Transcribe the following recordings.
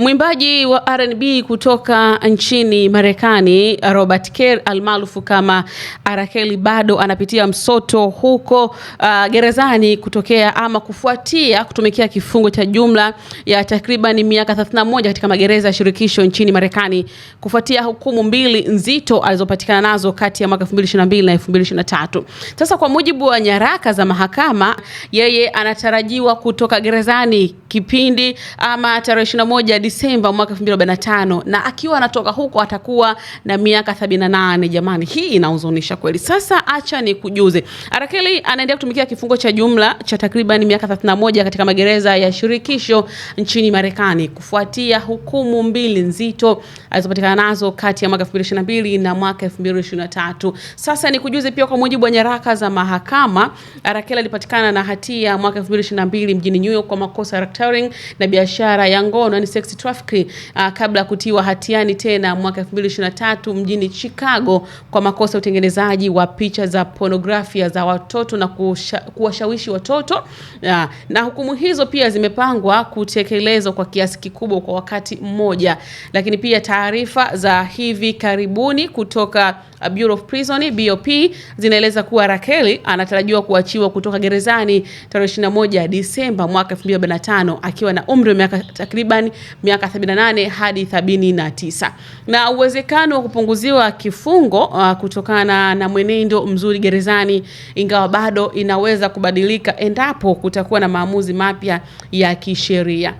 Mwimbaji wa R&B kutoka nchini Marekani Robert Kerr almaarufu kama R Kelly bado anapitia msoto huko uh, gerezani kutokea ama kufuatia kutumikia kifungo cha jumla ya takriban miaka 31 katika magereza ya shirikisho nchini Marekani kufuatia hukumu mbili nzito alizopatikana nazo kati ya mwaka 2022 na 2023. Sasa kwa mujibu wa nyaraka za mahakama, yeye anatarajiwa kutoka gerezani kipindi ama tarehe 21 Disemba mwaka 2045 na akiwa anatoka huko atakuwa na miaka 78. Jamani, hii inahuzunisha kweli. Sasa acha ni kujuze, Arakeli anaendelea kutumikia kifungo cha jumla cha takriban miaka 31 katika magereza ya shirikisho nchini Marekani kufuatia hukumu mbili nzito alizopatikana nazo kati ya mwaka 2022 na mwaka 2023. Sasa ni kujuze pia, kwa mujibu wa nyaraka za mahakama, Arakeli alipatikana na hatia mwaka 2022 mjini New York kwa makosa ya racketeering na biashara ya ngono, yani sex Alexis Tsoufakirai uh, kabla ya kutiwa hatiani tena mwaka 2023 mjini Chicago kwa makosa ya utengenezaji wa picha za pornografia za watoto na kuwashawishi watoto uh, na hukumu hizo pia zimepangwa kutekelezwa kwa kiasi kikubwa kwa wakati mmoja, lakini pia taarifa za hivi karibuni kutoka Bureau of Prison BOP zinaeleza kuwa Rakeli anatarajiwa kuachiwa kutoka gerezani tarehe 21 Disemba mwaka 2025 akiwa na umri wa miaka takriban miaka 78 hadi 79 na uwezekano wa kupunguziwa kifungo uh, kutokana na mwenendo mzuri gerezani, ingawa bado inaweza kubadilika endapo kutakuwa na maamuzi mapya ya kisheria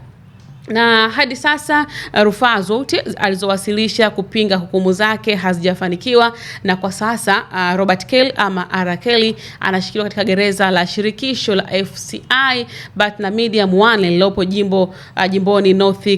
na hadi sasa eh, rufaa zote alizowasilisha kupinga hukumu zake hazijafanikiwa, na kwa sasa uh, Robert Kelly ama R Kelly anashikiliwa katika gereza la shirikisho la FCI Butner Medium 1 lililopo jimbo uh, jimboni North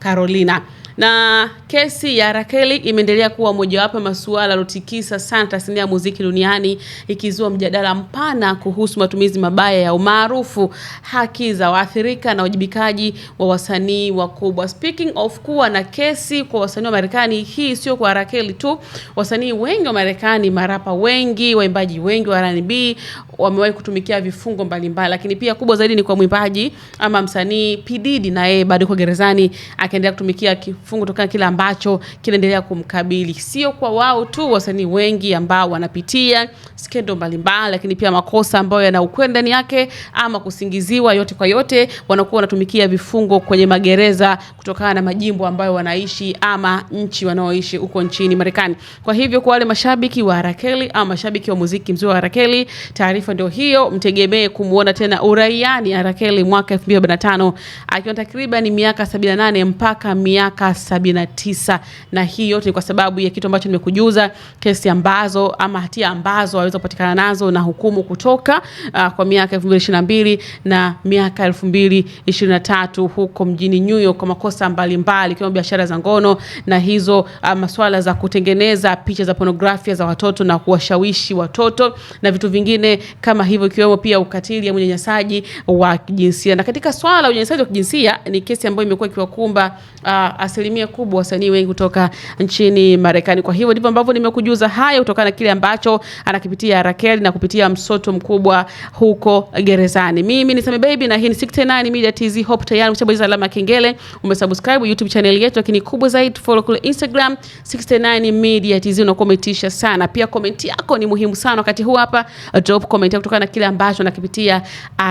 Carolina. Na kesi ya Rakeli imeendelea kuwa mojawapo ya masuala yalotikisa sana tasnia ya muziki duniani, ikizua mjadala mpana kuhusu matumizi mabaya ya umaarufu, haki za waathirika na wajibikaji wa wasanii wakubwa. Speaking of kuwa na kesi kwa wasanii wa Marekani, hii sio kwa Rakeli tu. Wasanii wengi wa Marekani, marapa wengi, waimbaji wengi wa R&B wamewahi kutumikia vifungo mbalimbali, lakini pia kubwa zaidi ni kwa mwimbaji ama msanii Pididi, na yeye bado kwa gerezani akaendelea kutumikia kifungo kutokana na kile ambacho kinaendelea kumkabili. Sio kwa wao tu, wasanii wengi ambao wanapitia skendo mbalimbali, lakini pia makosa ambayo yana ukweli ndani yake ama kusingiziwa, yote kwa yote wanakuwa wanatumikia vifungo kwenye magereza kutokana na majimbo ambayo wanaishi ama nchi wanaoishi huko nchini Marekani. Kwa hivyo kwa wale mashabiki wa Rakeli ama mashabiki wa muziki mzuri wa Rakeli, taarifa taarifa ndio hiyo, mtegemee kumwona tena uraiani Arakeli mwaka 2025 akiwa takriban miaka 78 mpaka miaka 79, na hii yote ni kwa sababu ya kitu ambacho nimekujuza, kesi ambazo ama hatia ambazo aweza kupatikana nazo na hukumu kutoka uh, kwa miaka 2022 na miaka 2023 huko mjini New York kwa makosa mbalimbali kama biashara za ngono na hizo uh, masuala za kutengeneza picha za pornografia za watoto na kuwashawishi watoto na vitu vingine kama hivyo, ikiwemo pia ukatili au unyanyasaji wa kijinsia. Na katika swala la unyanyasaji wa kijinsia ni kesi ambayo imekuwa ikiwakumba uh, asilimia kubwa wasanii wengi kutoka nchini Marekani. Kwa hivyo ndivyo ambavyo nimekujuza haya kutokana na kile ambacho anakipitia Rakeli na kupitia msoto mkubwa huko gerezani. Mimi ni Same Baby na hii ni 69 Media TZ. Hope tayari umeshabonyeza alama ya kengele, umesubscribe YouTube channel yetu, lakini kubwa zaidi follow kule Instagram 69 Media TZ. Unakuwa umetisha sana. Pia comment yako ni muhimu sana wakati huu hapa, drop comment kuendelea kutokana na kile ambacho nakipitia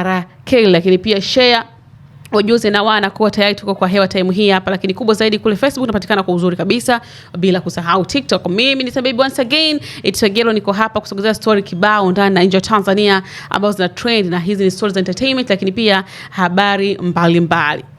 RK, lakini pia share wajuzi na wana kuwa tayari tuko kwa hewa time hii hapa, lakini kubwa zaidi kule Facebook tunapatikana kwa uzuri kabisa, bila kusahau TikTok. Mimi ni Sabibi once again, it's girl, niko hapa kusogezea story kibao ndani na nje ya Tanzania ambazo zina trend, na hizi ni stories za entertainment, lakini pia habari mbalimbali mbali.